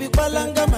baby palanga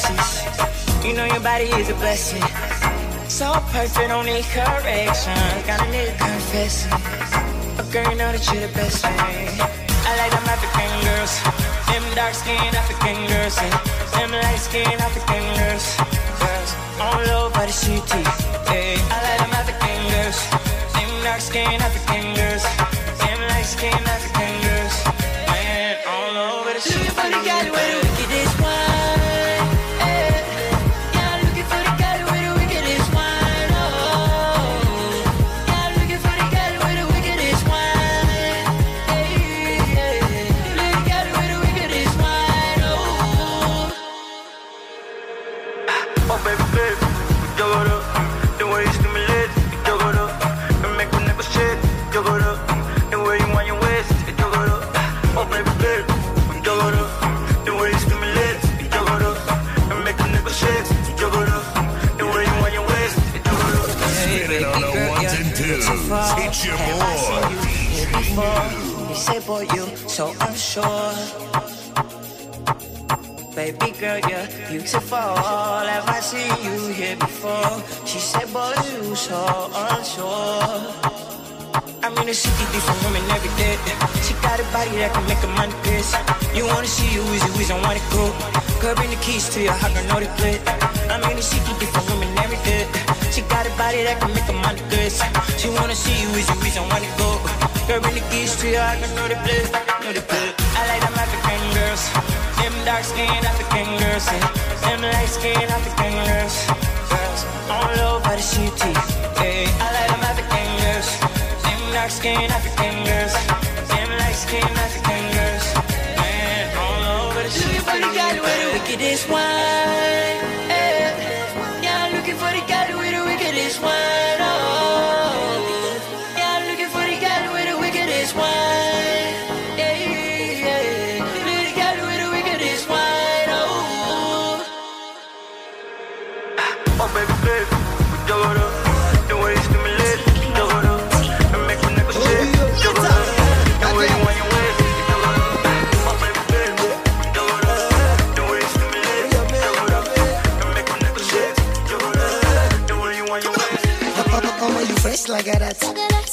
flexes. You know your body is a blessing. So perfect, don't need corrections. Got a nigga confessing. But girl, you know that you're the best thing. I like them African girls. Them dark skinned African girls. And them light skinned African girls. all over the city. I like them African girls. Them dark skinned African girls. Them light skinned African girls. Man, all over the city. for you, so I'm sure. Baby girl, you're beautiful. Have I seen you here before? She said, boy, you so unsure. I'm in a city, different women every day. Got a body that can make a man piss. You wanna see you easy, we don't wanna grow. Girl, bring the keys to your heart, girl, know the plate. I mean, she can be for women every day. She got a body that can make a man piss. She wanna see you easy, we don't wanna go. Girl, bring the keys to your heart, girl, know the plate. Know the plate. I like them African girls. Them dark skin African girls. Yeah. Them light skin African girls. Girls, all over the city. Yeah. I like them African girls. Them dark skin African girls skin, not the fingers. Man, all over the Look at the wickedest one. like a that.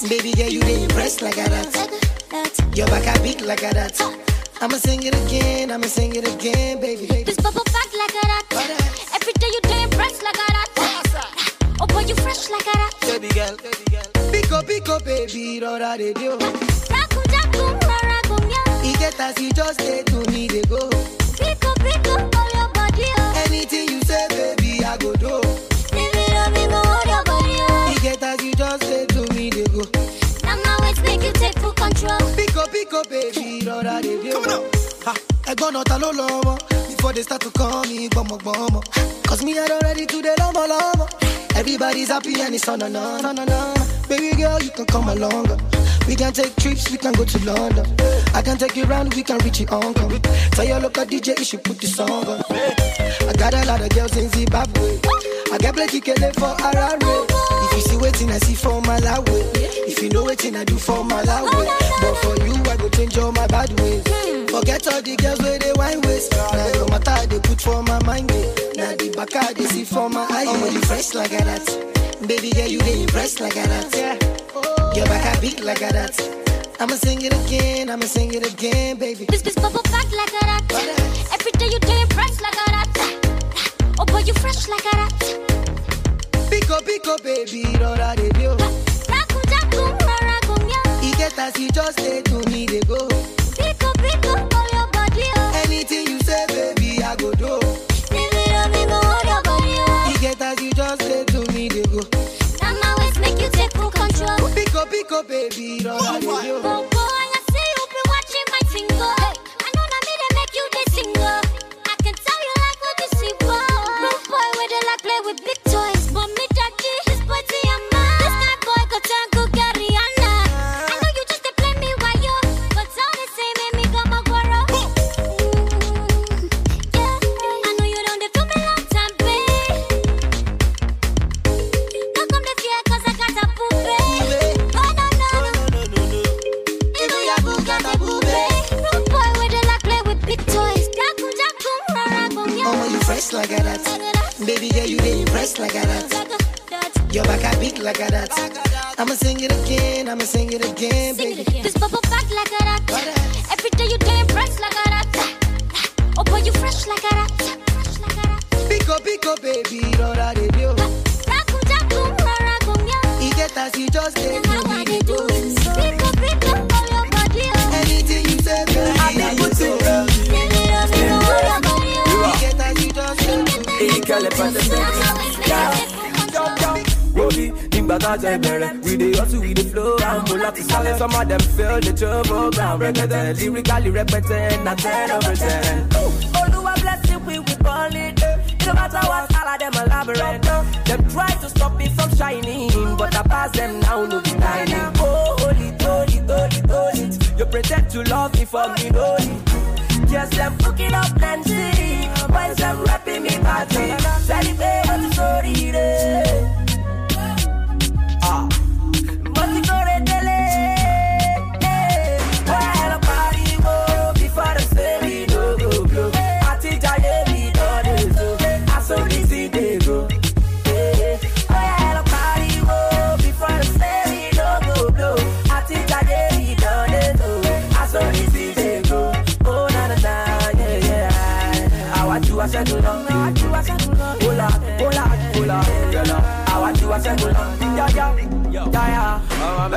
Baby girl, you did impress like a that. Your back I beat like a that. I'ma sing it again, I'ma sing it again, baby. baby. This bubble back like a that. Every day you do impress like a that. Oh boy, you fresh like a that. Baby girl, baby girl. Pico, pico, baby, rora de dio. Raku, jaku, rara, gumya. He get as you just say to me, they go. Pico, pico, all your body. Oh. Anything you say, baby, I go do. make you take full control. Pick up, pick up, baby, rọra dey dey o. Ẹ̀gbọ́n náà ta ló Before they start to call me gbọmọgbọmọ. Cause me I don't ready to the lọ́mọ lọ́mọ. Everybody's happy and it's on and on and on. Baby girl, you can come along. We can take trips, we can go to London. I can take you round, we can reach your uncle. Tell your local DJ you should put the song on. I got a lot of girls in Zimbabwe. I got plenty KD for Harare you see waiting, I see for my loud way. If you know waiting, I do for my loud way. Oh, but for you, I go change all my bad ways. Hmm. Forget all the girls where they wine waste. Now your matter they put for my mind. Now the back I they see for my eye. Oh, you fresh like that. Baby girl, you they impressed like that. Your back I big like that. I'ma sing it again, I'ma sing it again, baby. This bitch bubble back like a rat. Every day you damn fresh like a rat. Oh boy, you fresh like a rat. Pico, pico, baby, don't I dey do? Raku, jaku, raku, meow. He get as you just say to me, they go. Pico, pico, oh, for your body, oh. Anything you say, baby, I go do. Leave it on me, go hold your body, oh. He get as you just say to me, they go. Now my waist make you take full control. Pico, pico, baby, don't I dey like that. Baby girl, you did impress like a that. Your back I beat like a that. I'ma sing it again, I'ma sing it again, baby. This bubble back like a that. Every day you did impress like a that. Oh boy, you fresh like a that. Pico, pico, baby, don't We the hustle we the flow and mola to sale Some of them fail the trouble ground Regretted, lyrically repeated, not ten of pretend Oluwa bless it, we will call it It no matter what all of them elaborate Them try to stop me from shining But I pass them now, no denying Oh, holy, holy, holy, holy You pretend to love me for me, holy just them cooking up Nancy. While them rapping me party. Celebrate, sorry, I want you a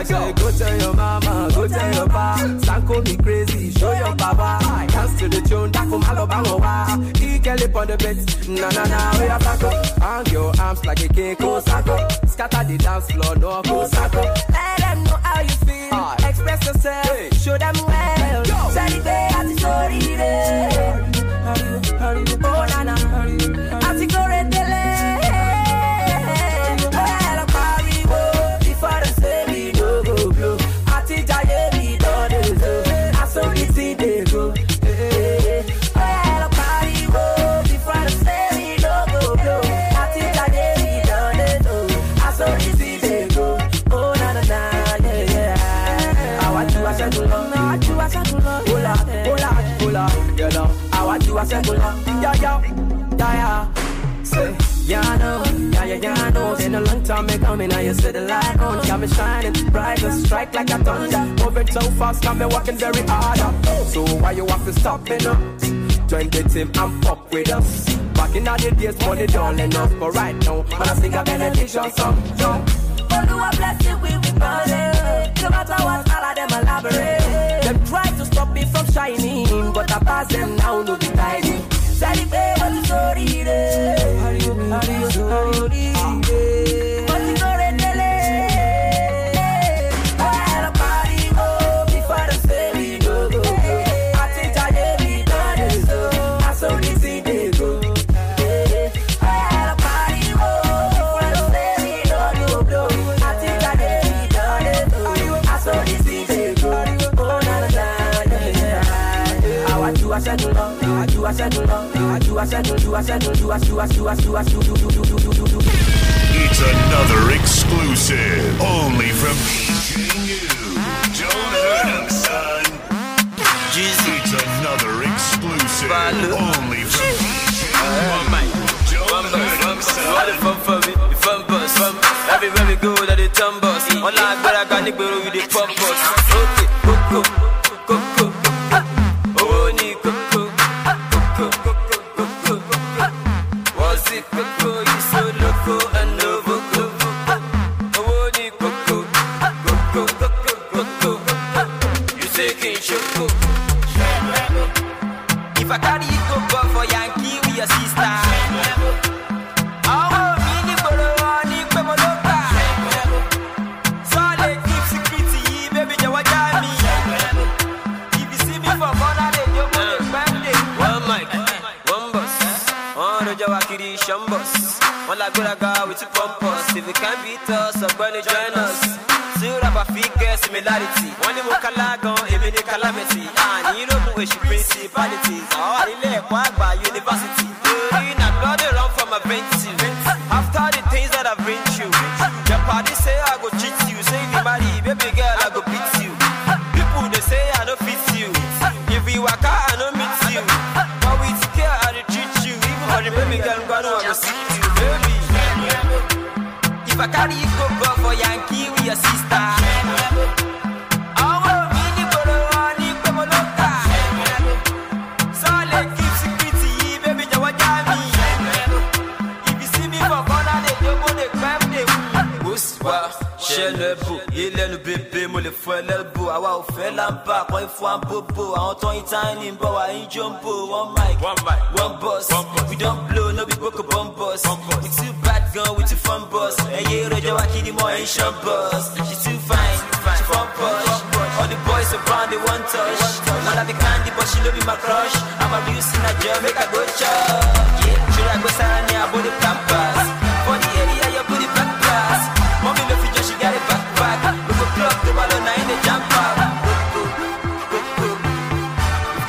say, go tell your mama, go tell your pa. Sanko me crazy, show your papa. Dance to the tune, that come all over wa. on the bed, na na na, we are back up. Hang your arms like a cake, Osako. Scatter the dance floor, no Osako. Let them know how you feel. Express yourself, show them well. Celebrate, sorry, regular. Yeah, yeah, yeah, yeah. Say, yeah, I know, yeah, yeah, yeah, I know. Been a long time me coming, now you see the light on. Got me shining brighter, strike like a thunder. Moving so fast, got me working very hard. So why you have to stop me now? Join the team and fuck with us. Back in all the days, money don't enough, but right now, man, I sing a benediction song. Yo. Oh, do I bless you with knowledge? No matter what, all of them elaborate. Them try to stop me from shining, but I pass them now, no be tiding. Celebrate, sorry, sorry, sorry.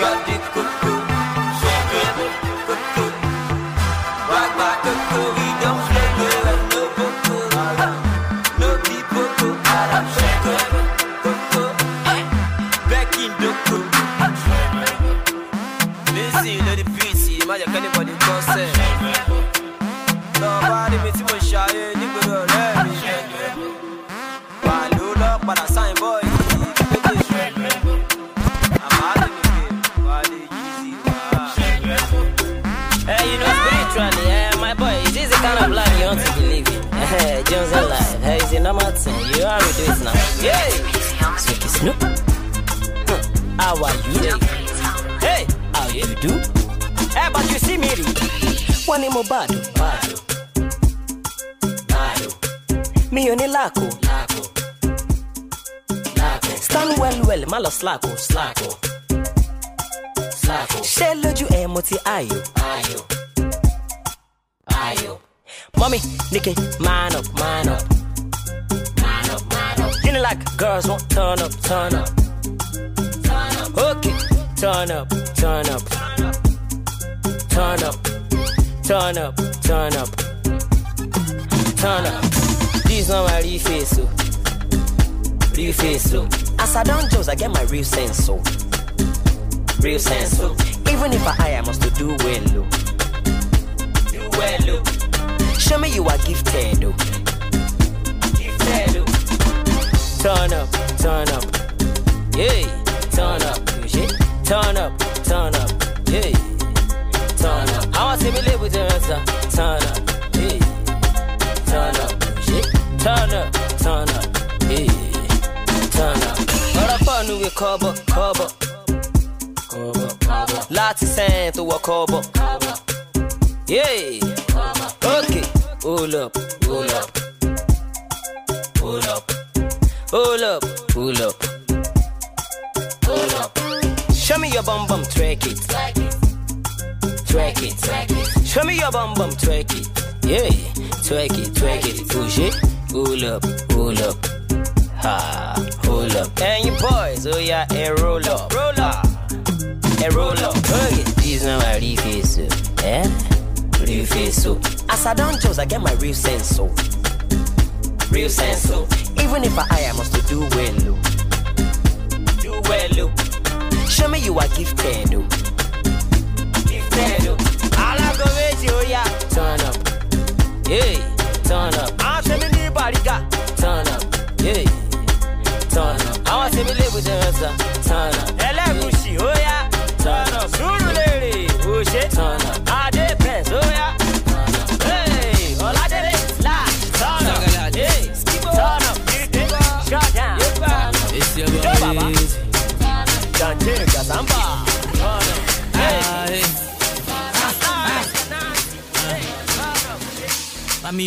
got it. Madam Martin, you now. Snoop. Hmm. How are you? Hey. How you do? Hey, but you see me. One more bad. Bad. Bad. Me only lako. laco, laco, Stand well well, malo slako. Slako. Slako. Shell loju emoti ayo. Ayo. Ayo. Mommy, Nikki, man up, man up. Hit it like girls want turn up, turn up. Hook it, turn up, turn up. Turn up, turn up, turn up. Turn up. These not my real face, so. Oh. Real face, so. Oh. As I don't jokes, I get my real sense, so. Oh. Real sense, so. Even if I, I must do well, low. Do well, low. Show me you are gifted, though. Gifted, though. Turn up, turn up. Yeah, turn up. Turn up, turn up. Yeah, turn up. I want to be live with your answer. Turn up, yeah. Turn up, Turn up, turn up. Yeah, turn up. What a fun new cover, cover. Lots Láti sẹ́yìn tó wọ kọ́bọ̀. Yeah. Okay, pull up, pull up. pull up. Pull up, pull up. Pull up. Show me your bum bum, twerk it. Twerk it. Twerk it. Show me your bum bum, twerk it. Yeah, twerk it, twerk it. Push it. Pull up, pull up. Ha, pull up. And you boys, oh yeah, and roll up. Roll up. And roll up. Hug it. This not my real face, eh? Real face, so. As I don't choose, I get my real sense, so real sense. So oh. even if I, am must do well, oh. do well. Oh. Show me you are gifted, gifted.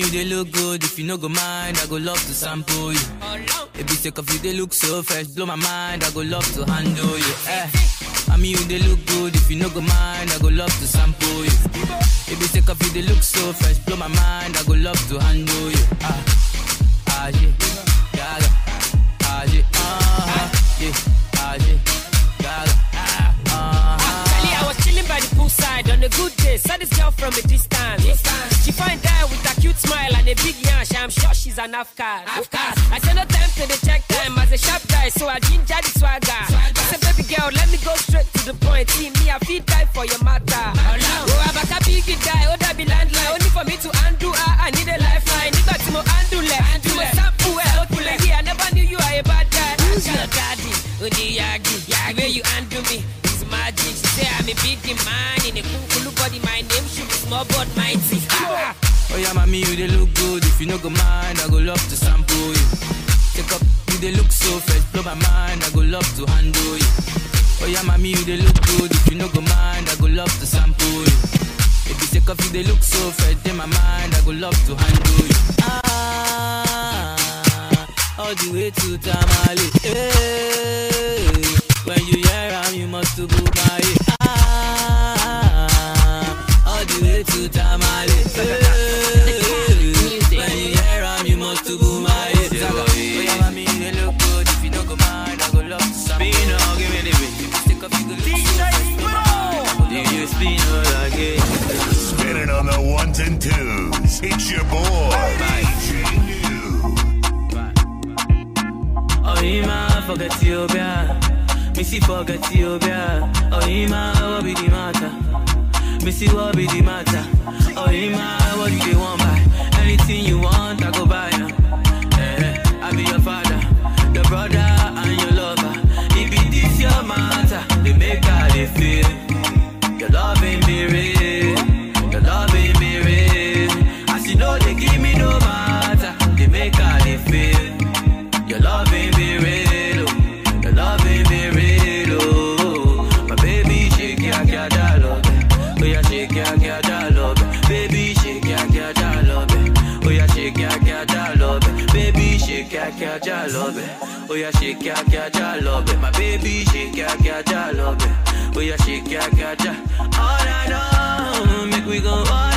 you they look good. If you no go mind, I go love to sample you. If you take off you they look so fresh, blow my mind. I go love to handle you. Eh. I mean you they look good. If you no go mind, I go love to sample you. If you take off you they look so fresh, blow my mind. I go love to handle you. Ah, ah yeah, gaga, ah yeah, ah yeah, ah yeah, gaga. Ah, ah, Actually, I was chilling by the poolside on a good day. Saw this girl from a distance. distance. She find out and she, I'm sure she's an Afghan. Afghan. I say no time to the check time as a shop guy, so I ginger the swagger. swagger. I say baby girl, let me go straight to the point. See me, I feel die for your matter. Oh, I'm a big guy, oh that be landline. Only for me to undo, I, ah, I need a lifeline. you Nigga, to my andule, andule, sample, helpful. Yeah, I never knew you are a bad guy. Who's your daddy? Uni oh, Yagi, Yagi, where you undo me? It's magic. say I'm a big man in a cool body. My name should be small but mighty. Ah. ah. Oh yeah, mommy, you they look good. If you no go mind, I go love to sample you. Take up, you they look so fresh, blow my mind. I go love to handle you. Oh yeah, mommy, you they look good. If you no go mind, I go love to sample you. If you take off, you they look so fresh, in my mind. I go love to handle you. Ah, all the way to Tamale. Yeah. forget you, bia. Missy forget you, bia. Oh, ima, what oh, be the matter? Missy, what be the matter? Oh, ima, what do you want buy? Anything you want, I go buy. Yeah. Eh, I be your father, your brother, and your lover. If it is your matter, they make her they feel your love loving be real. Boy, shake ya, ya, ya, love it. My baby, shake ya, ya, ya, love it. Boy, I shake ya, ya, ya. All I know, make we go all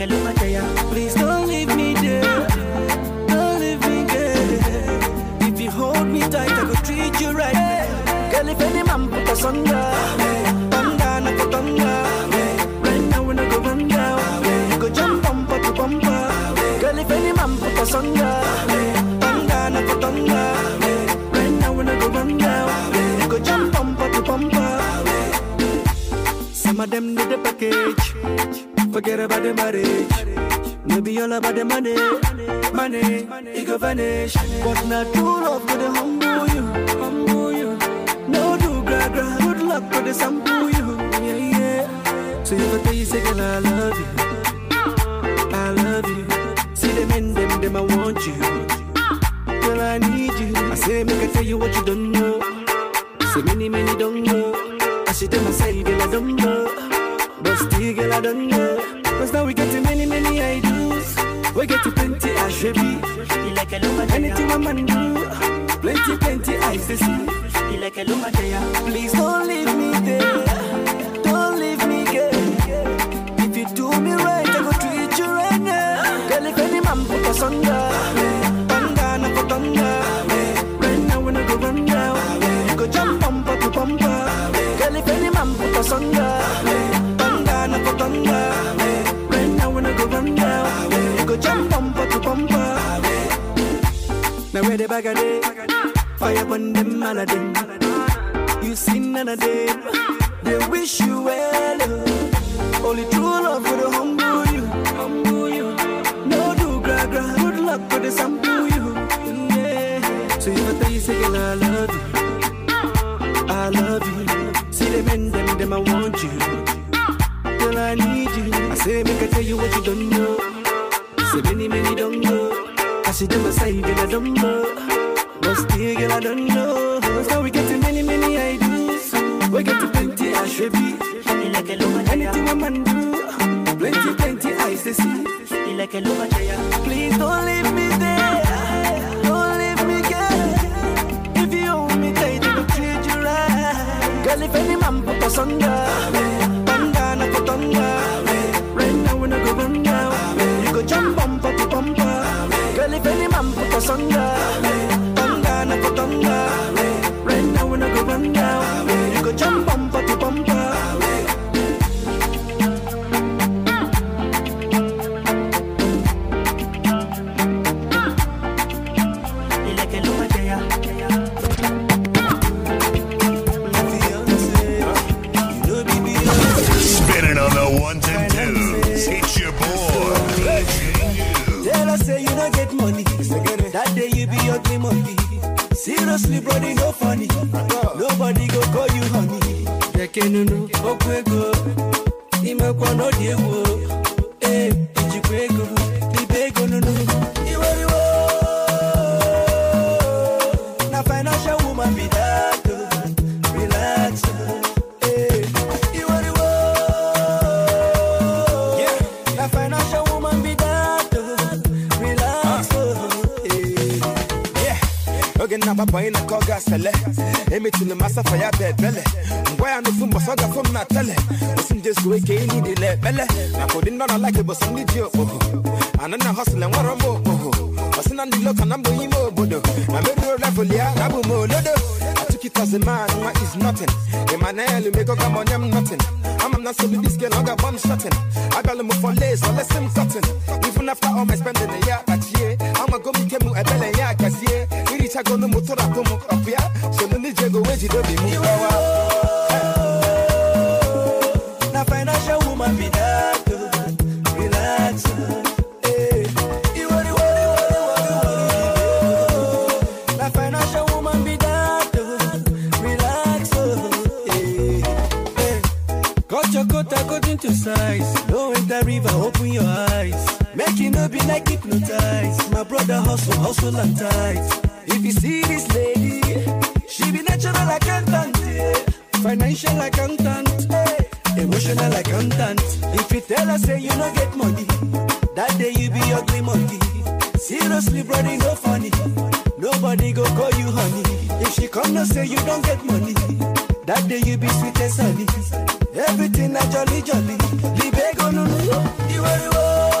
que lo nation. But not true love the humble you. Humble you. No do gra gra. Good luck the sample you. Yeah, yeah. So if I tell you girl, I love you. I love you. See them in them, them I want you. Girl, I need you. I say, make I tell you what you don't know. oge na-agba banye na ka ọ ga-asele emetụla m asafa ya bụ ebele ngwa ya n'ofu mbọsọ gafọ m na tele osi nje zuo ike ihe niile na ekpele maka ụdị ndị ọ na like bụsọ ndị ji okpogo anana hosụl enwere m okpogo ọsị i am going na mgbe ime obodo na merụrụ level ya na abụ m olodo atụkịtazi man nwa is nothing emmanuel mego ga m onye m nothing ama m na nsogbu diske na ọ ga-agba m shotin abịala m for lace olesi m cotton even after all my spending ya kpachie amago m ike m ebele ya gazie chagono mutorapo mukrapya sono nijengo wejidobi mukawa na financial woman be that relax Cut according to size. Don't enter river, open your eyes. Making it be like hypnotized. My brother hustle, hustle and tight. If you see this lady, she be natural accountant, financial accountant, emotional accountant. If you tell her say you no get money, that day you be ugly monkey. Seriously, brother, no funny. Nobody go call you honey. If she come no say you don't get money, that day you be sweet as sunny. Everything a jolly jolly. Libego nunu, iwo iwo.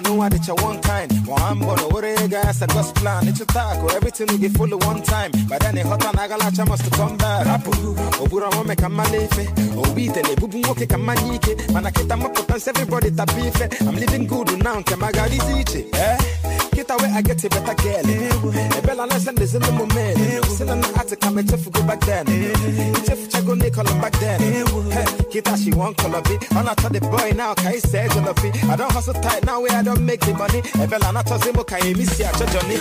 I know I did you one time. Well, I'm gonna worry, guys, I just plan. It's a taco, everything you get full of one time. But then it hot and I got a chance to come back. Rapu, Obura won't make a malefe. Obit and a bubu woke a manike. Manaketa, my potence, everybody tapife. I'm living good now, Kamagadi Zichi, eh? Get away, I get a better girl. A bella nice and is in the moment. Still in the attic, I'm a chef go back then. Chef Chago Nicola back then. Hey, Kita, she won't call up it. I'm not the boy now, can you say Jolofi? I don't hustle tight now, where I don't make the money. A bella not tossing, but can you miss your Johnny?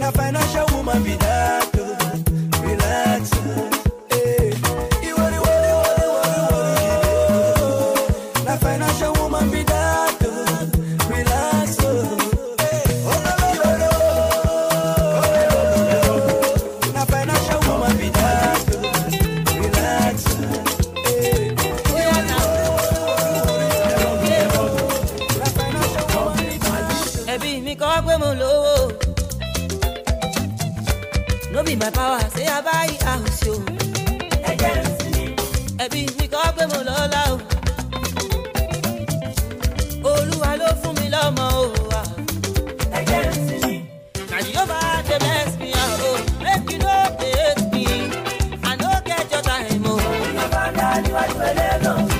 Now, financial woman be there. in my power say I buy a house. ń sinmi. ẹbí mi kọ́ pé mo lọ́lá o. olúwa ló fún mi lọ́mọ o. ẹjẹ ń sinmi. na jehovah dey bless me ah make you no me i no get your time o. ìyàbá dá níwájú ẹlẹ́gàn.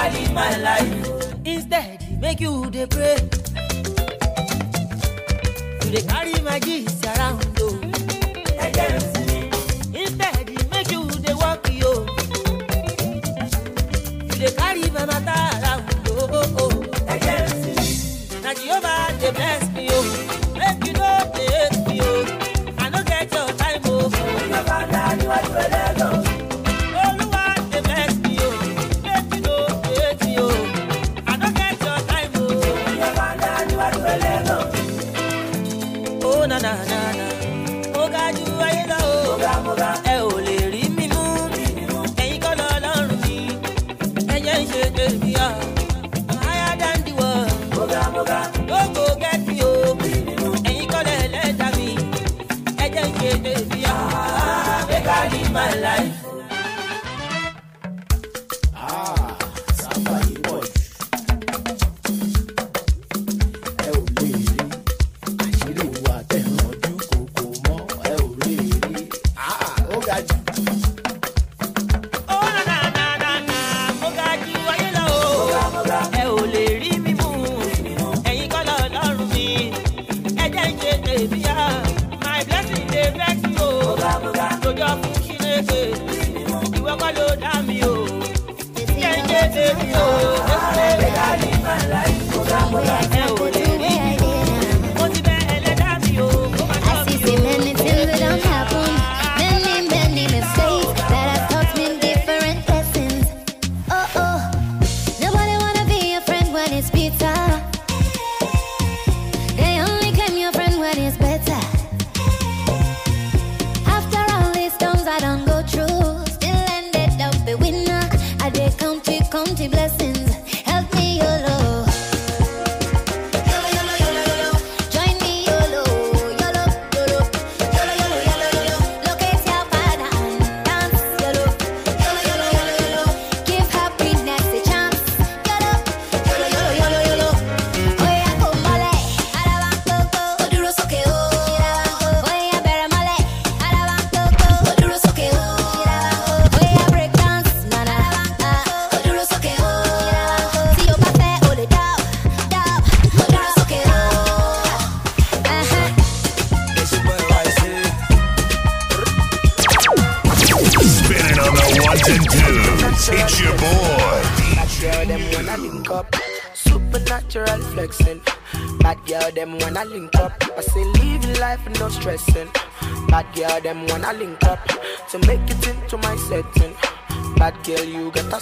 carry my life. Instead, make you the pray. You they carry my gifts around.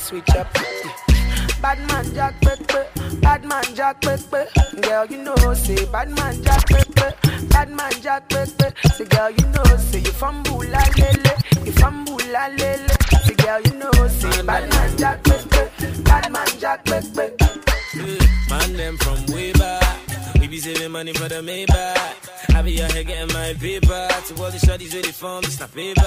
switch up. Bad man Jack Pepe, bad man Jack Pepe. Girl, you know, say bad man Jack Pepe, bad man Jack Pepe. Say girl, you know, say you fumble Bula Lele, you fumble Bula Lele. Say girl, you know, say bad man Jack Pepe, bad man Jack Pepe. Mm, man, them from way back. We be saving money for the Maybach. I be out here getting my paper. To all the shawty's ready for me, snap it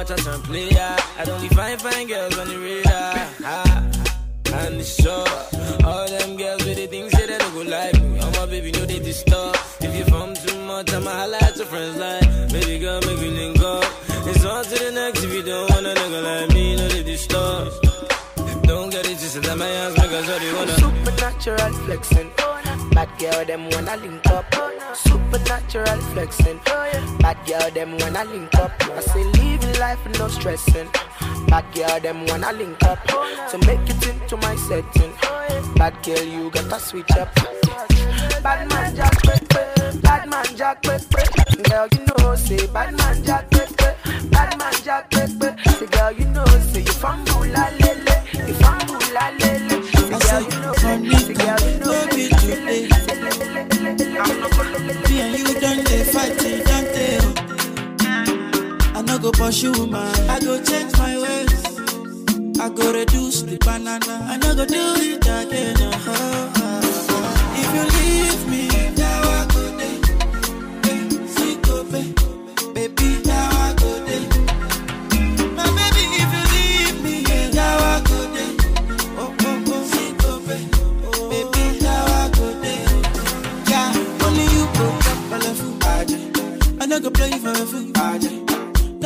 much I turn player. I don't need fine, fine girls on the radar. Ah, and the show. All them girls with the things say they don't go like me. All oh, my baby, know they disturb. If you from too much, I'ma highlight your friends like, baby girl, make me link up. It's on to the next if you don't want to nigga like me, know they disturb. Don't get it twisted that my hands make us all they wanna. Supernatural flexing. Bad girl, them wanna link up. Supernatural flexing. Bad girl, them wanna link up. I say, life no stressing. Bad girl, them wanna link up to make it into my setting. Bad girl, you gotta switch up. Bad man Jack, quick, bad man Jack, Girl, you know, say bad man Jack, quick, bad man Jack, girl, you For pursue woman. I go change my ways. I go reduce the banana. I no go do it again. Oh, oh, oh. If you leave me.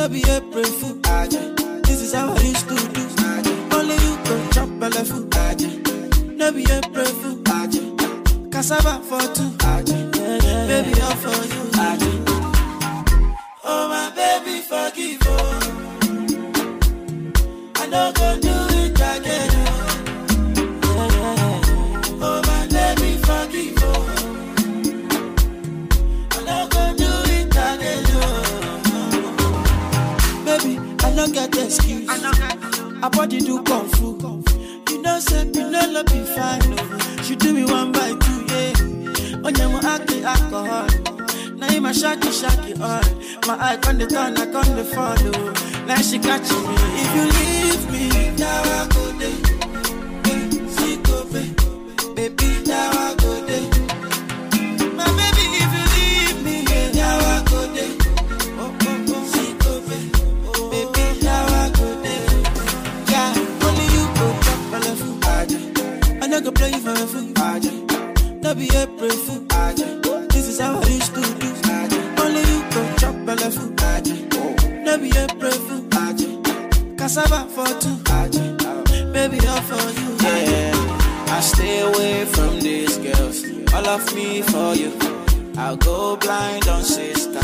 no be April fool. This is how I used to do. Only you can chop belly food. No be April fool. Cassava for two. Baby, I'm for you. her body do kung fu. You know, say love be fine, no. She do me one by two, yeah. Onyemo aki alcohol. Now in my shaki shaki all. My eye on the turn, I on the follow. Now she catch me. If you leave me, now I go there. Baby, be a for. This is how I used to do. Only you can chop belle food. Never be a prefu. Cassava for two. Baby, all for you. Yeah. I stay away from these girls. All of me for you. I'll go blind on sister.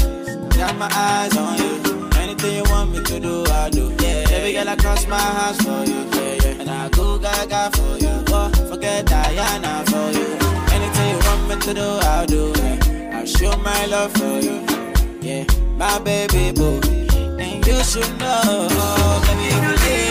Got my eyes on you. Anything you want me to do, I do. Yeah. Every girl I cross my house for you. Yeah, yeah. And I go gaga for you. Oh, forget Diana for you to do, I'll do it. I'll show my love for you. Yeah, my baby boo. And you should know, baby, you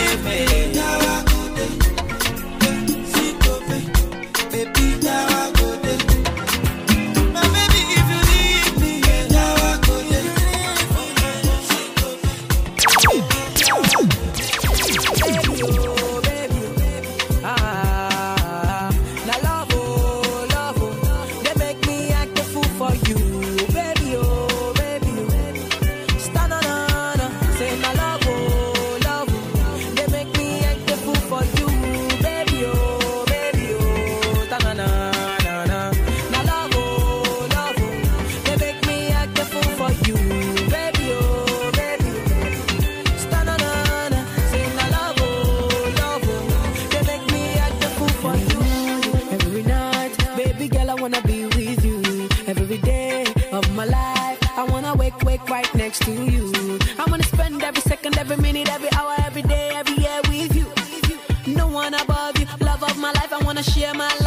share my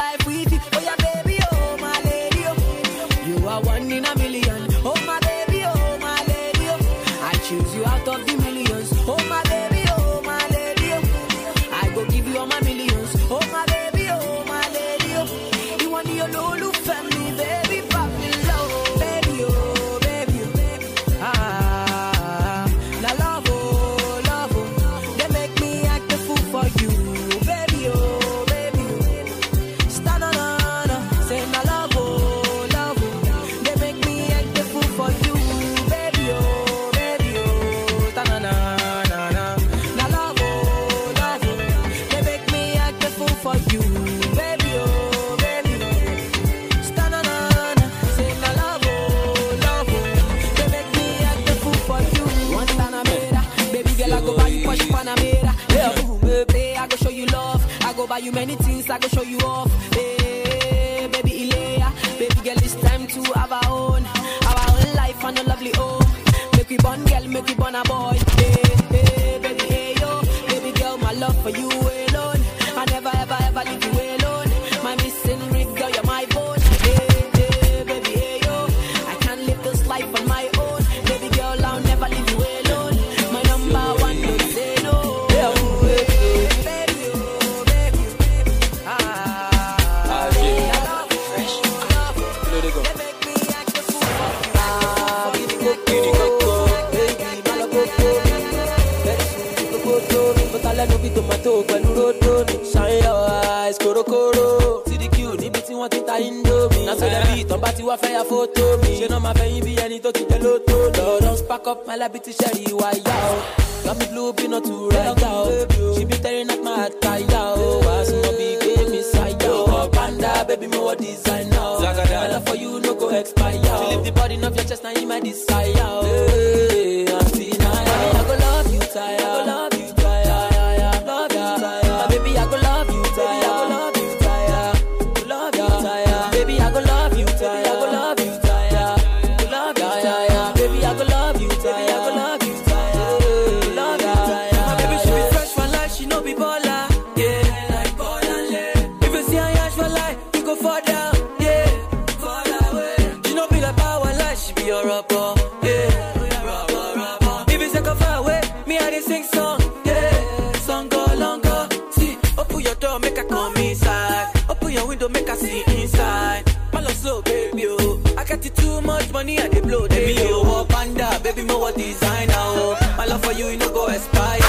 You're a oh, yeah. If it's like a far away, me I sing song, yeah. Song go longer. See, for your door, make I come inside. Open your window, make I see inside. My love so baby, oh. I got you too much money, I they blow. Baby, oh, panda, baby, more designer, oh. My love for you, you know go expire.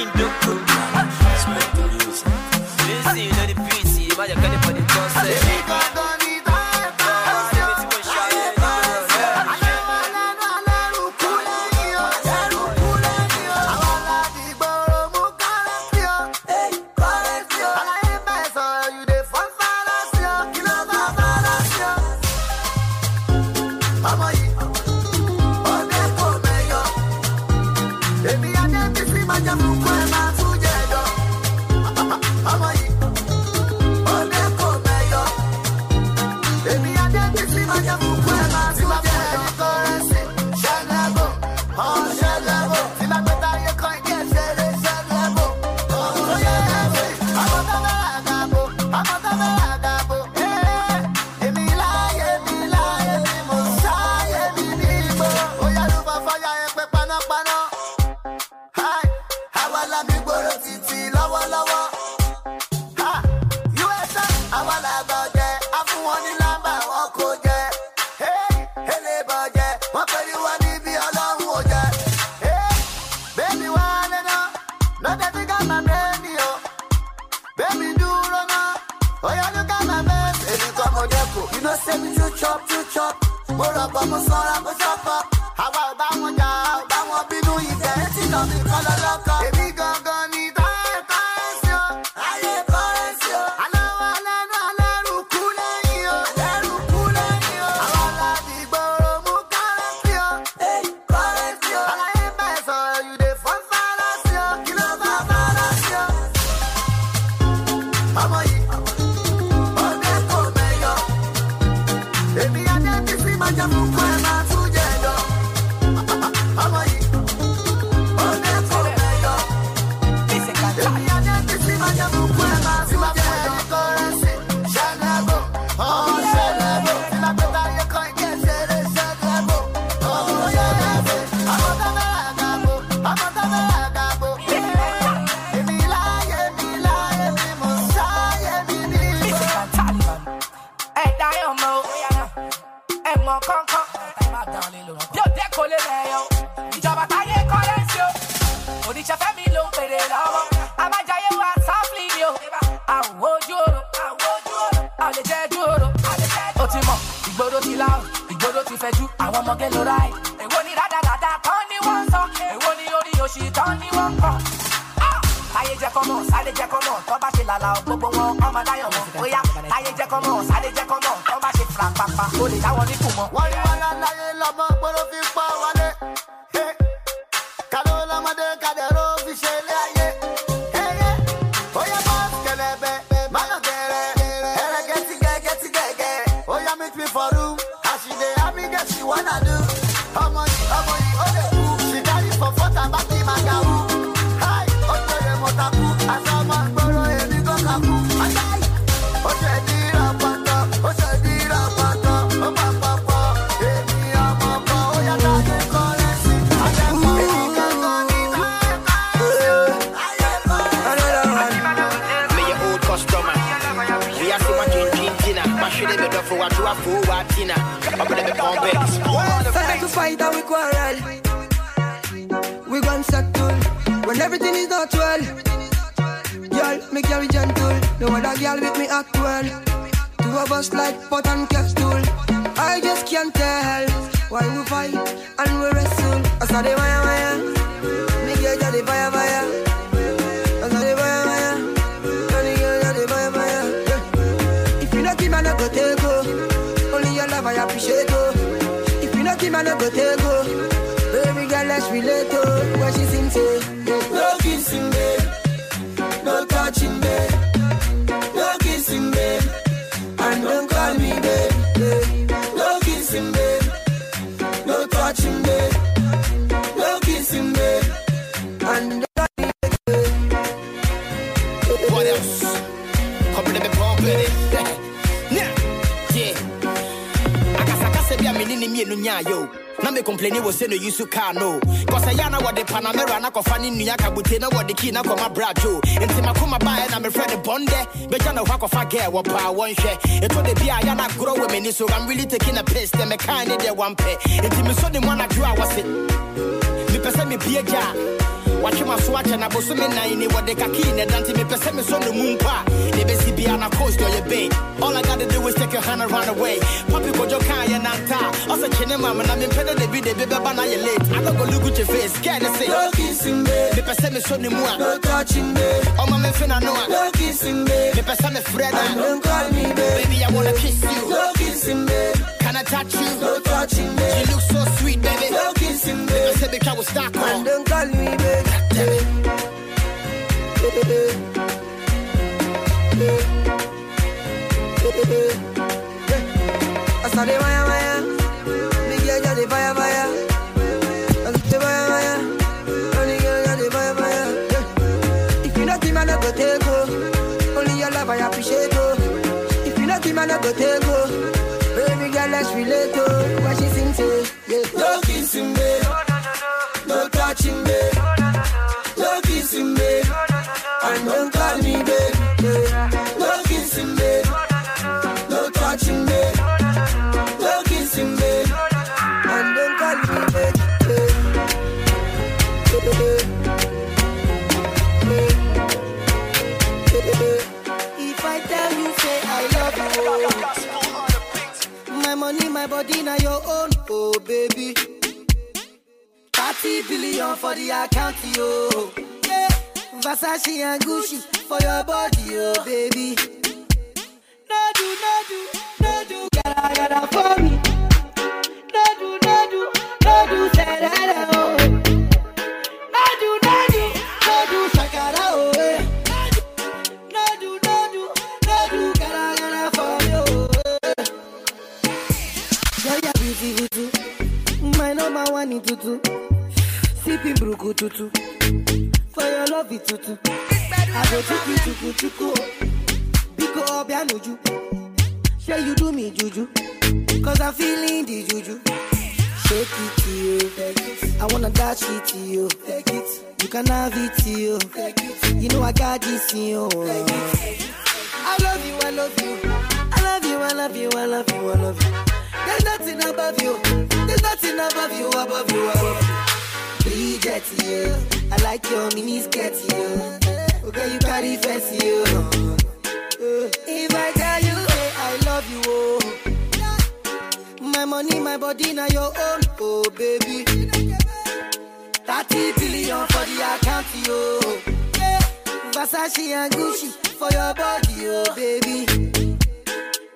in the pool. I am. akɔfa ne nua kabute na wɔde kii na kɔma brajo nti makoma baɛ na mefrɛ ne bɔndɛ bɛgya na hɔ akɔfa gɛ wɔ paa wɔnhwɛ ɛtɔ da be yɛ not grow wɔ me, so am really taking a piss dɛ mekaa ne deɛ wampɛ nti meso ne I anadwo a wɔse mepɛ sɛ mebie gya a watwe ma so akyɛ na in nan ne wɔde kakii ne dante mepɛ sɛ mesɔ ne mu mpo a ne bɛsi bia na coast your bay all i gotta do is take your hand and run away kojo kan nanta. Also chene mama na me de bi de be beba na ye late. I no go look at your face, scared to say. No kissing me. Me pese me so ni mua. No touching me. Oh mama fe na no. No kissing me. Me pese me Freda. I don't call me babe. Baby I wanna kiss you. No kissing me. Can I touch you? No touching me. You look so sweet baby. No kissing me. I said, me kawo was call. man. don't Sale, vaya, vaya. billion for the account, yo. Yeah. Versace and Gucci for your body, yo, baby. No do, no gotta, gotta for me. No do, no do, no do, say oh. oh eh. My oh, eh. number one is sipping buruku tutu for your love tutu. I go chuku chuku chuku, biko obia nuju. Say you do me juju, cause I'm feeling the juju. Shake it to you, I wanna dash it to you. You can have it to you. You know I got this in you. I love you, I love you. I love you, I love you, I love you, I love you. There's nothing above you. There's nothing above you, above you, above you. free jet you. I like your minis get you. Okay, you carry fess you. Uh, if I tell you hey, oh, I love you, oh. My money, my body, now your own, oh baby. 30 billion for the account, yo. Versace and Gucci for your body, oh baby.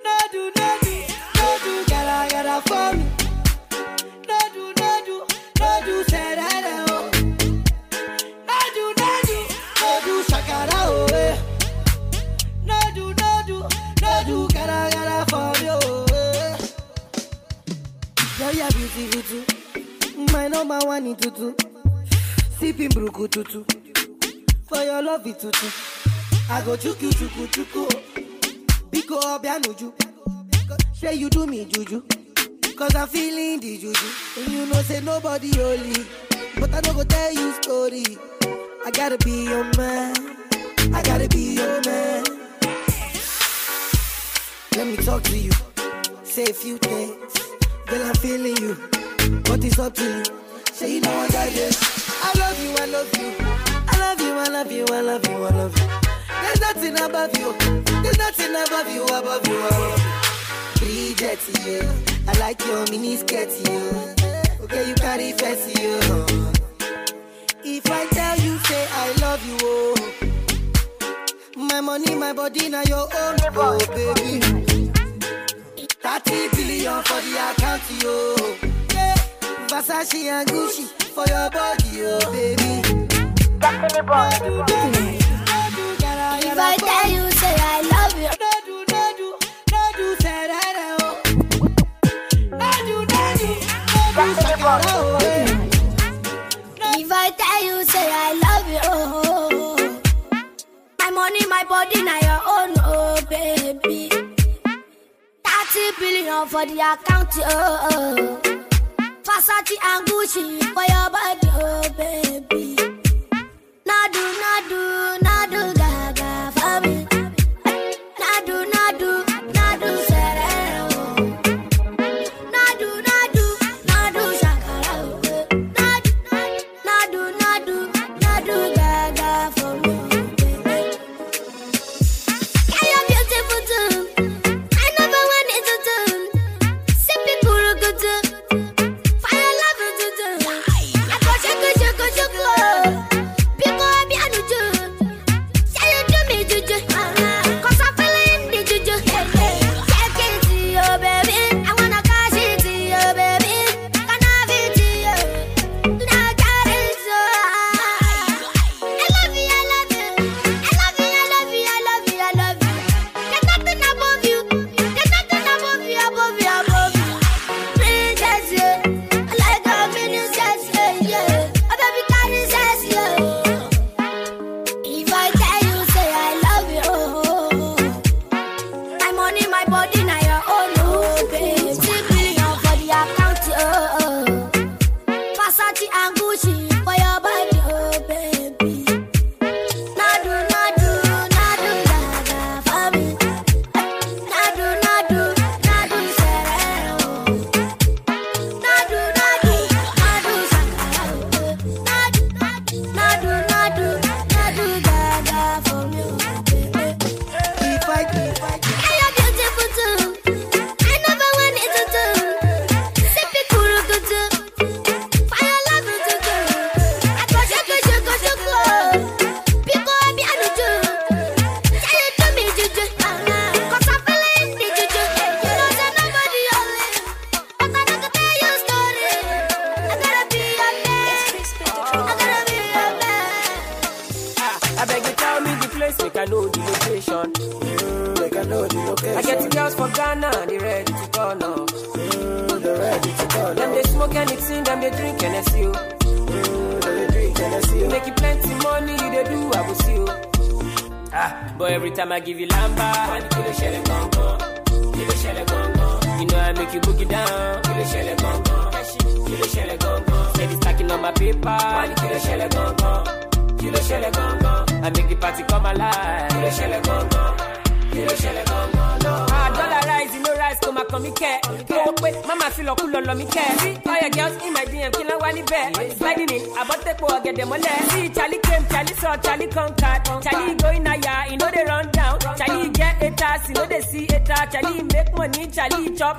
No do, no do, no do, gotta, gotta for me. do gara gara for you. Eh? Yeah, you're beautiful My number one in tutu. Sipping bruku tutu. For your love it tutu. I go chuku chuku chuku. Biko obianuju. Say you do me juju. Cause I'm feeling the juju. And you know say nobody only. But I don't go tell you story. I gotta be your man. I gotta be your man. Let me talk to you. Say a few things. Girl, I'm feeling you. What is up to you? Say you know I got this. I love you, I love you. I love you, I love you, I love you, I love you. There's nothing above you. There's nothing above you, above you, above you. Bridget, yeah. I like your mini skirt, yeah. Okay, you carry fancy, yeah. If I tell you, say I love you, oh. My money, my body, now your own, oh baby. 30 billion for the account, yo. Yeah. Versace and Gucci for your body, yo, baby. That's the boy. If I tell you, say I love you. No do, no do, no do, say that I do. Oh. No do, no do, no do, say oh. If I tell you, say I love you, oh, oh, oh. I'm oh. my body, now your own, oh, baby. 40 billion for the account, oh, oh. Versace and Gucci for your body, oh, baby. Nadu, nadu,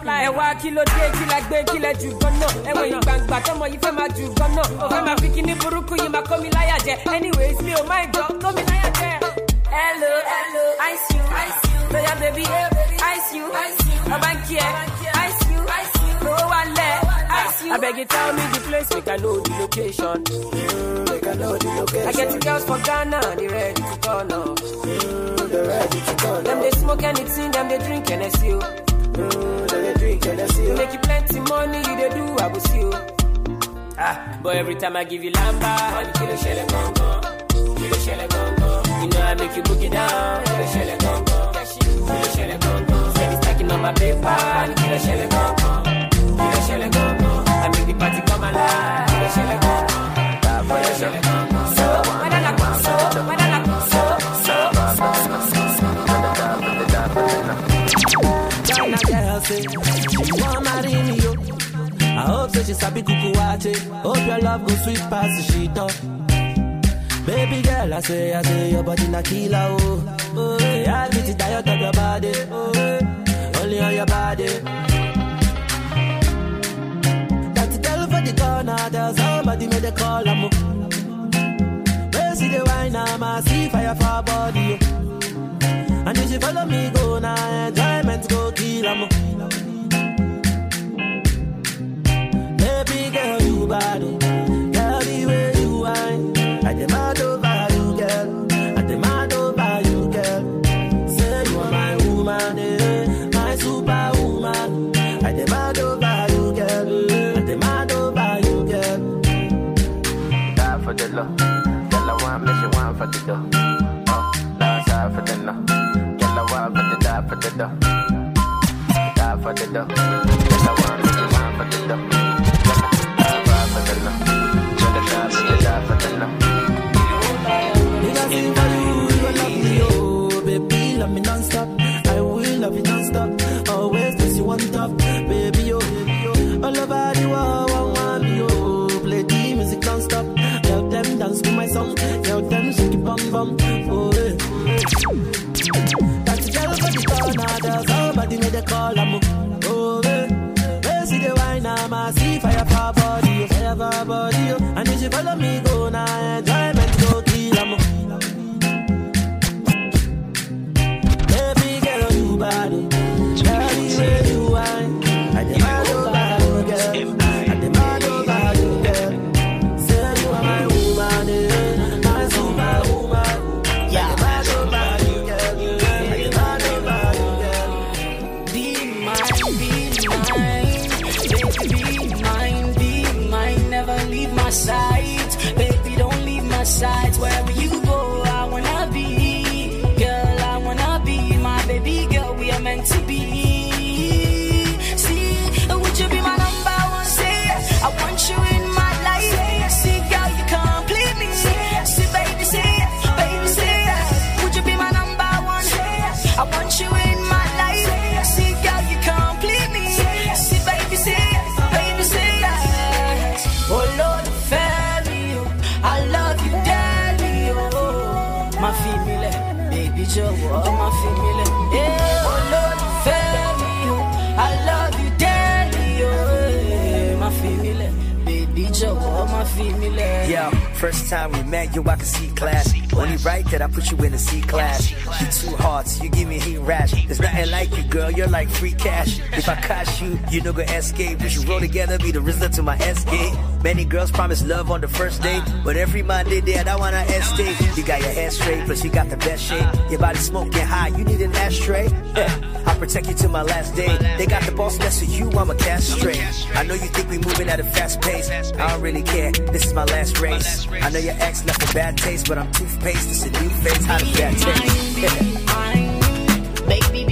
plan ẹ wá kí dé kí gbé kí jù gan náà ẹ wọ ìgbàǹgbà tọmọ yìí fẹ́ máa jù gan ó fẹ́ máa fi burúkú yìí máa kó mi láyà jẹ anyways mi ò má ìjọ kó mi láyà jẹ. hello hello ice you ya, baby ice you ọba ń kí ẹ ice you lówó wa lẹ ice you. beg you tell me the place make i know the location. Mm, make i know the location. i get girls from ghana dey ready to turn up. Mm, dey ready to turn up. dem dey smoke anything them they drink and nsc you jealousy. Oh. Make you plenty money, you dey do, I will see you. Ah, but every time I give you lamba, money kilo shele gongo, kilo shele gongo. You know I make you book it down, kilo shele gongo, kilo shele gongo. Say this stacking on my paper, money kilo shele gongo, kilo shele gongo. I make the party come alive, kilo shele gongo, kilo shele gongo. So, madala, so, madala. girl say she want marry me yo. I hope say she sabi kuku wache. Hope your love go sweet past the shit up. Oh. Baby girl, I say, I say your body na killer oh. Oh, yeah, I get it tired of your body. Oh, only on your body. That girl for the corner, there's somebody made a call. I'm. Where see the wine? I'm a see fire for body. Oh. And if follow me, go now. Nah, enjoyment go kill em. Baby girl, you bad. Oh. the dough. Die for the dough. Yes, I want to for the dough. you, love me, oh baby, love me nonstop. I will love you nonstop. Always this you want top, baby, oh baby, oh. All over the world, I me, oh. Play the music nonstop. Tell them dance to my song. Tell them shake it bum bum, oh. Yeah thing they call a move. Uh, oh, eh. Where see the wine, I'm a see fire for body, fire for body. Oh. And if you follow me, go now, enjoy me. First time we met, yo, I could see class. Only right that I put you in a C class. You two hearts, you give me heat rash. There's nothing like you, girl. You're like free cash. If I catch you, you no go escape. We should roll together, be the Rizzler to my S gate. Many girls promise love on the first date, but every Monday there, I wanna escape. You got your hair straight, plus you got the best shape. Your body smoking high, you need an ashtray. i I protect you till my last day. They got the boss next to you, I'm a castrate. I know you think we moving at a fast pace. I don't really care. This is my last race. I know your ex left a bad taste, but I'm too pace. This a new face, How does that taste? Baby,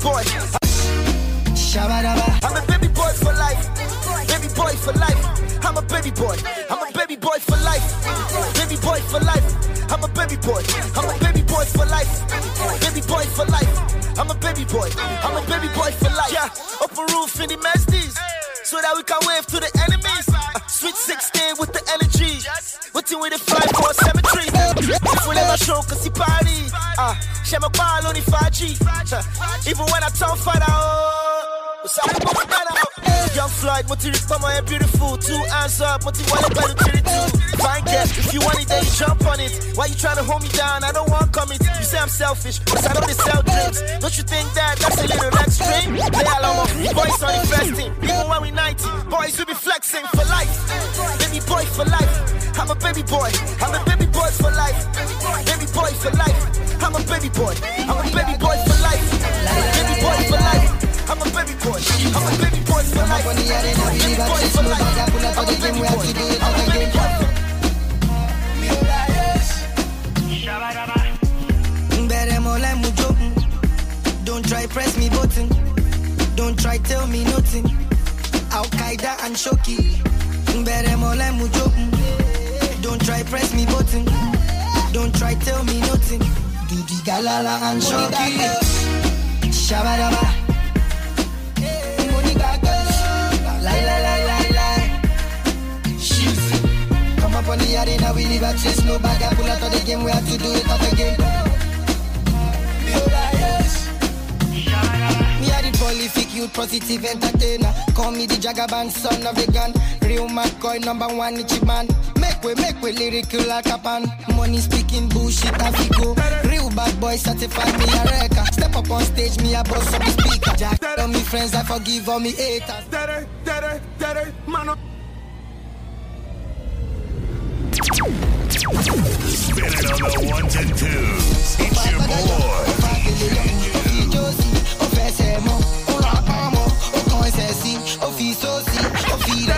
boy. two hands up, but you want to cheer it Fine girl, if you want it, then you jump on it. Why you trying to hold me down? I don't want commit. You say I'm selfish, cause I am selfish but i do not sell dreams. Don't you think that that's a little extreme? Play along with boys on investing. Even when we 90, boys will be flexing for life. Baby boy for life. I'm a baby boy. I'm a baby boy for life. Baby boy for life. I'm a baby boy. I'm a baby boy for life. Baby boy for life. I'm a baby boy. I'm a baby boy and Don't try press me button. Don't try tell me nothing. Al Qaeda and Shoki. Don't try press me button. Don't try tell me nothing. Do galala and Shoki. deliver chase no bag. I pull out of the game. We have to do it up again. Me are the prolific youth positive entertainer. Call me the Jagaban, son of the gun. Real McCoy, number one Ichiban. Make way, make way, lyrical like a pan. Money speaking bullshit, I go. Real bad boy, certified me a wrecker. Step up on stage, me a boss of the speaker. Jack, all me friends, I forgive all me haters. Daddy, daddy, daddy, man up. Spin it on the ones and twos. It's your boy. ó ó ó ó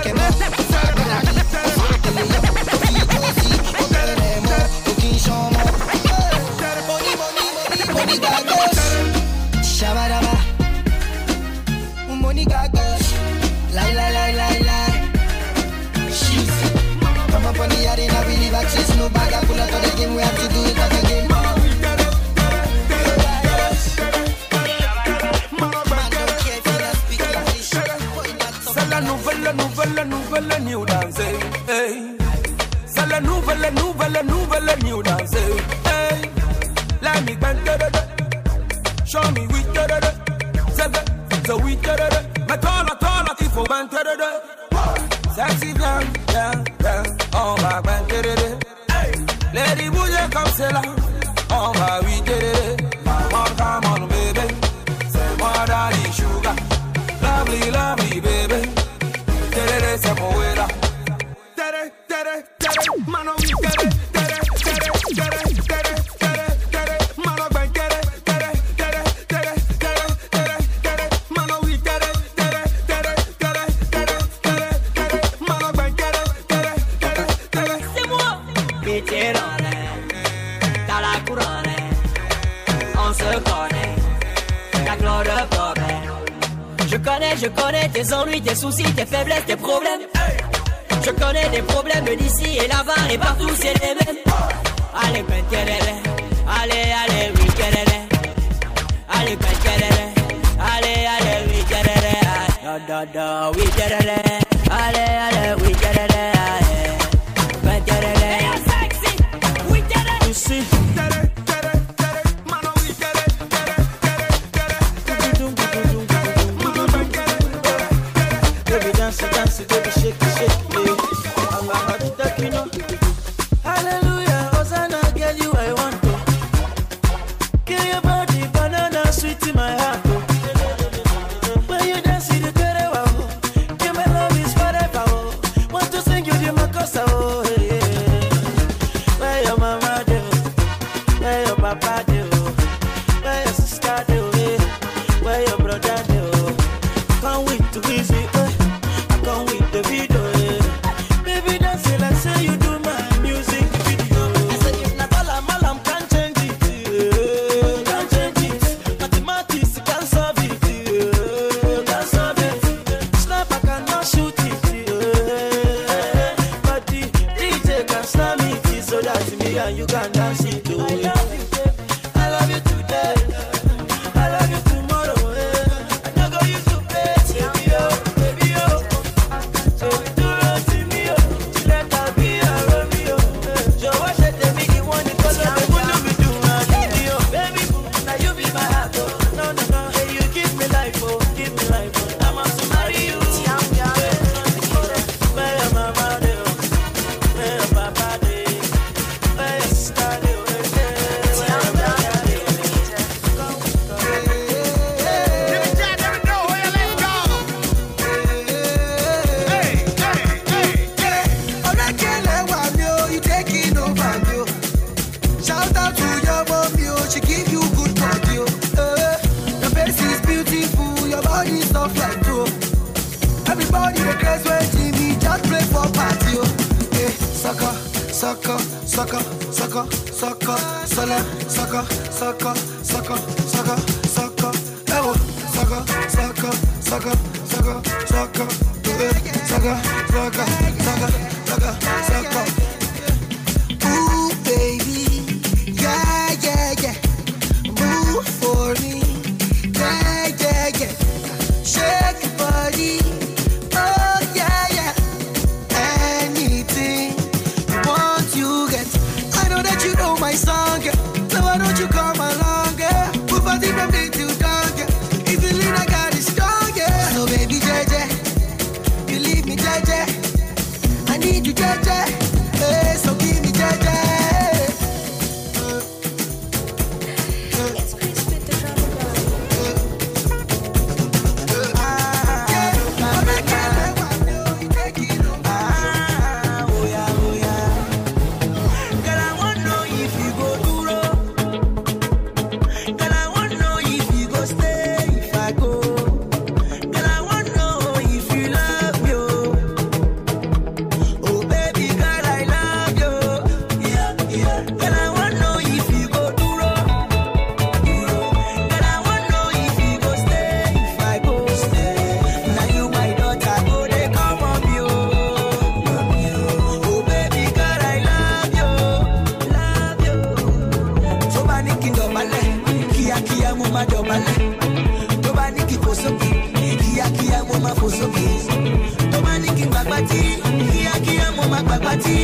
sókè tó bá ní kí n gbàgbá tí kíákíá mo máa gbàgbá tí.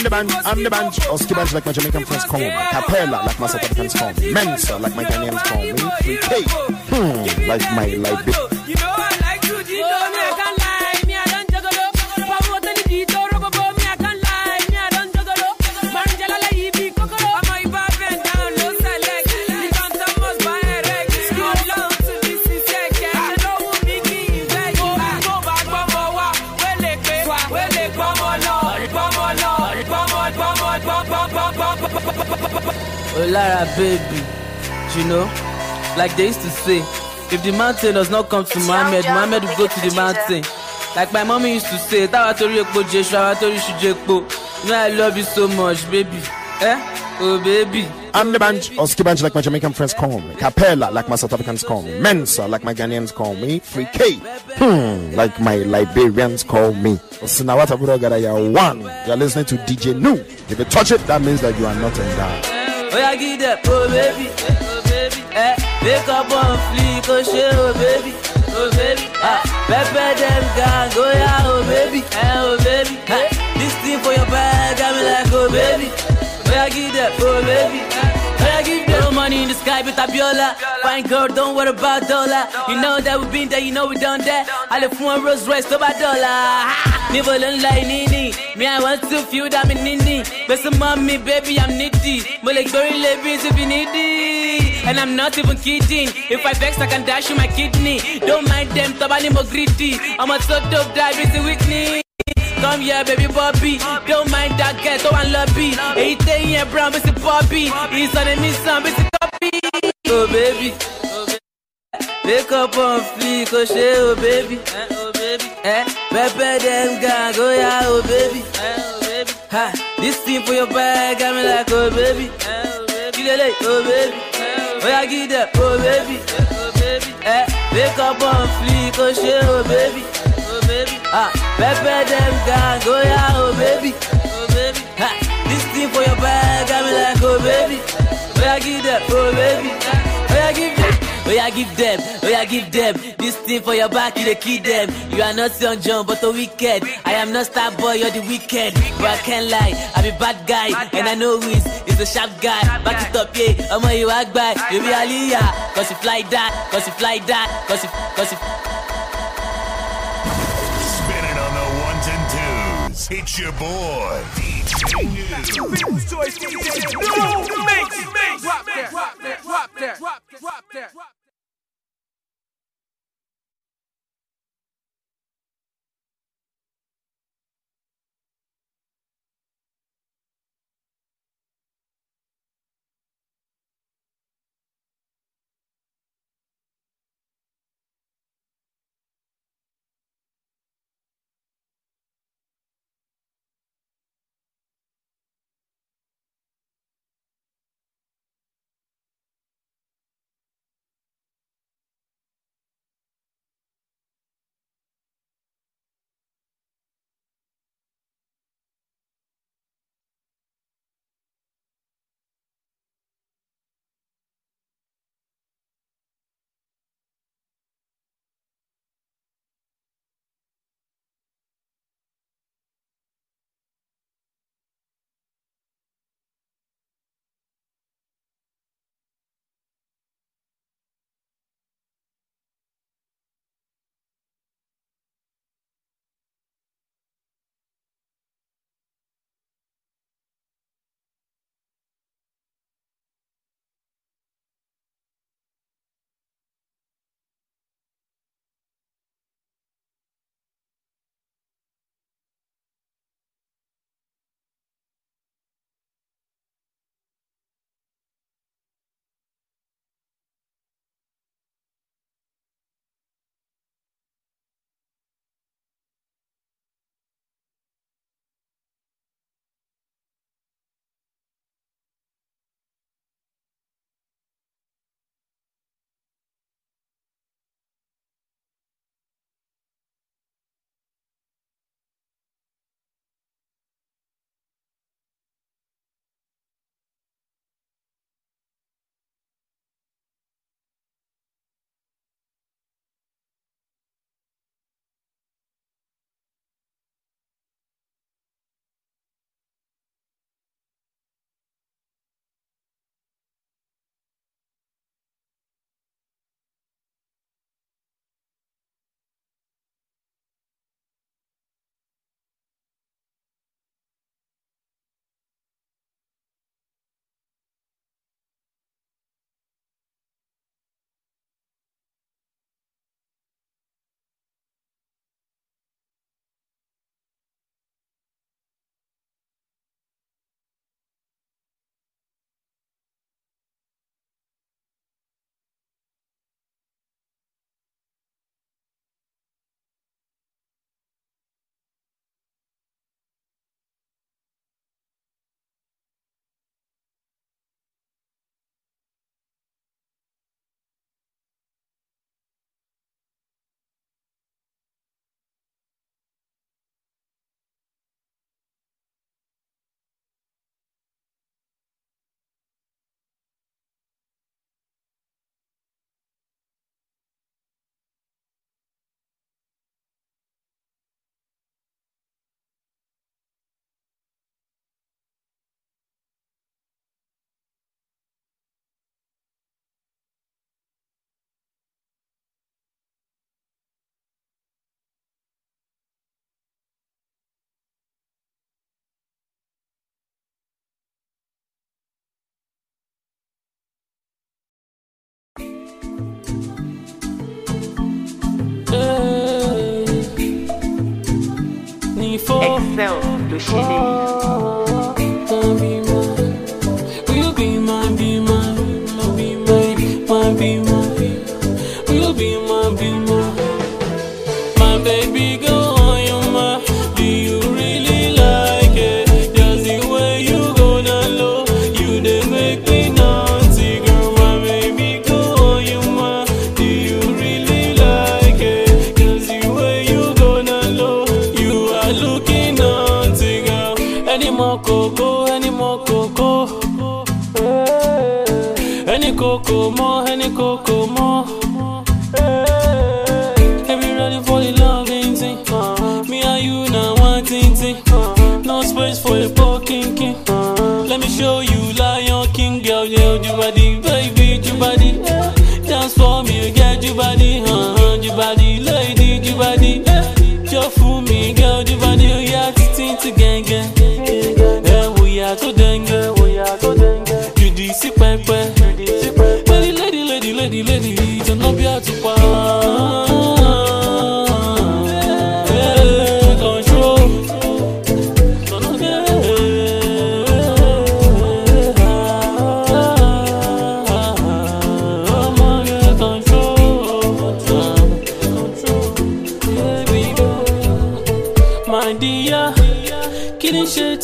I'm the band, I'm the band. Oski bands like my Jamaican friends call me. Capella like my South Africans call me. Mensa like my Ghanaians call me. 3K, hmm, like my life. Olara baby, you know, like they used to say, if the mountain does not come to it's Muhammad, Muhammad will go to the mountain. Like my mommy used to say, táwa torí epo you, àwa torí I jẹ́po. You know I love you so much, baby. Eh? Oh, baby. I'm the banj, or ski banj like my Jamaican friends call me. Capella like my South Africans call me. Mensa like my Ghanaians call me. Free K, hmm, like my Liberians call me. Sinawata Buragara, you're one. You're listening to DJ Nu. If you touch it, that means that you are not in endowed. Oh, yeah, give that, oh baby, Eh, make up on fleek, oh shit, oh baby, oh baby. Ah, pepper them gang, oh yeah, oh baby, eh, oh baby. Eh, this thing for your bag, got me like, oh baby. Oh, yeah, give that, oh baby. Eh, Money in the sky with Abiola. Fine girl, don't worry about dollar. You know that we've been there, you know we done that. I left one Rolls Royce to my dollar. Never learn like Nini. Me, I want to feel that me Nini. But some mommy, baby, I'm needy. But like very ladies if you needy. And I'm not even kidding. If I vex, I can dash you my kidney. Don't mind them, tabani mo greedy. I'm a sort of dive, it's a weakness. Come here, baby Bobby. Don't mind that guy. girl, so I love B. Anything in brown, Mr. Bobby. He's on me, son, Mr. copy. Oh, baby. Wake up on fleek, oh, shit, oh, baby. Eh, oh, baby. them gang, oh, yeah, oh, baby. Ha, this thing for your bag, I'm like, oh, baby. Eh, oh, baby. oh, baby. Eh, oh, yeah, give that, oh, baby. Eh, wake up on fleek, oh, shit, oh, baby. Ah, pepper them gang, oh yeah, oh baby, oh baby. Ha, this thing for your bag, I'm like, oh baby. Where oh, I give them, oh baby. Where oh, I give them. Oh yeah, give them, oh yeah, give them. This thing for your back, you the kid them. You are not young John, but a wicked. I am not star boy, you're the wicked. But I can't lie, i be bad guy, bad guy. and I know who is, is the sharp guy. Sharp back it up, yeah, I'm on you walk by. You be Aliyah, cause you fly that, cause you fly that, cause you, cause you. It's your boy, DJ News. Choice DJ. drop that, drop that, drop that, drop that. myself, le